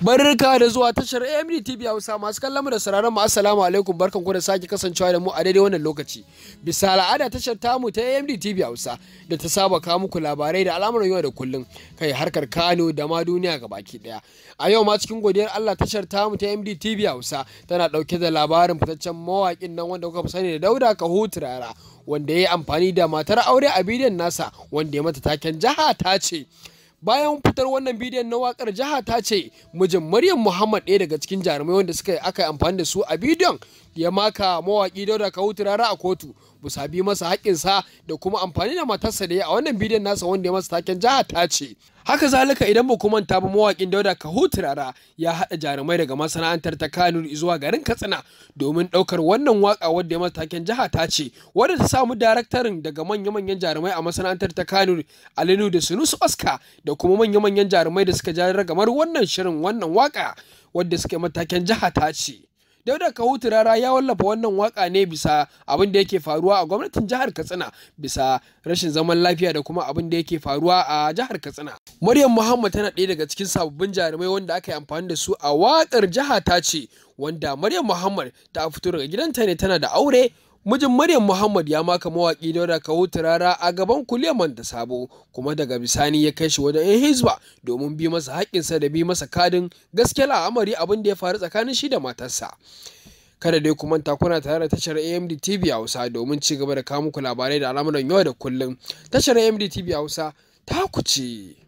Barka da zuwa tashar AMD TV Hausa masu kallon mu da sauraron mu assalamu alaikum barkan ku da sake kasancewa da mu a daidai wannan lokaci. Bisa al'ada tashar tamu ta AMD TV Hausa da ta saba kawo muku labarai da al'amuran yau da kullun kai harkar Kano da ma duniya gabaki daya. A yau ma cikin godiyar Allah tashar tamu ta AMD TV Hausa tana dauke da labarin fitaccen mawaƙin nan wanda kuka fi sani da Dauda Kaho wanda ya yi amfani da matar aure a bidiyon nasa wanda ya mata taken jaha ta ce. bayan fitar wannan bidiyon na wakar jiha ta ce mijin maryam muhammad ɗaya daga cikin jarumai wanda suka yi aka yi amfani da su a bidiyon ya maka mawaƙi mawaki dauda kawo turara a kotu bisa sabi masa haƙƙinsa da kuma amfani da matarsa da ya a wannan bidiyon nasa wanda ya masa taken jiha ta ce haka zalika idan ba ta manta ba mawaƙin dauda kaho turara ya haɗa jarumai daga masana'antar ta kano zuwa garin katsina domin ɗaukar wannan waka wadda ya matakin jiha ta ce wadda ta samu daraktarin daga manya-manyan jarumai a masana'antar ta kano alinu da sunusu oscar da kuma manya-manyan jarumai da suka jarar ragamar wannan shirin wannan waka wadda suke matakin jiha ta ce Dauda kahuturara rara ya wallafa wannan waka ne bisa abin da yake faruwa a gwamnatin jihar Katsina bisa rashin zaman lafiya da kuma abin da yake faruwa a jihar Katsina. Maryam Muhammad tana ɗaya daga cikin sababbin jarumai wanda aka yi amfani da su a wakar jiha ta ce wanda Maryam Muhammad ta fito daga gidanta ne tana da aure mijin Maryam Muhammad ya maka mawaƙi Dauda kawo Turara a gaban kuleman da sabo kuma daga bisani ya kai shi wajen ‘yan hizba domin bi masa haƙƙinsa da bi masa kadin gaske la'amari abin da ya faru tsakanin shi da matarsa. Kada dai kuma kuna tare da tashar AMD TV Hausa domin ci gaba da kawo muku labarai da al'amuran yau da kullum. Tashar AMD TV Hausa ta ku ce.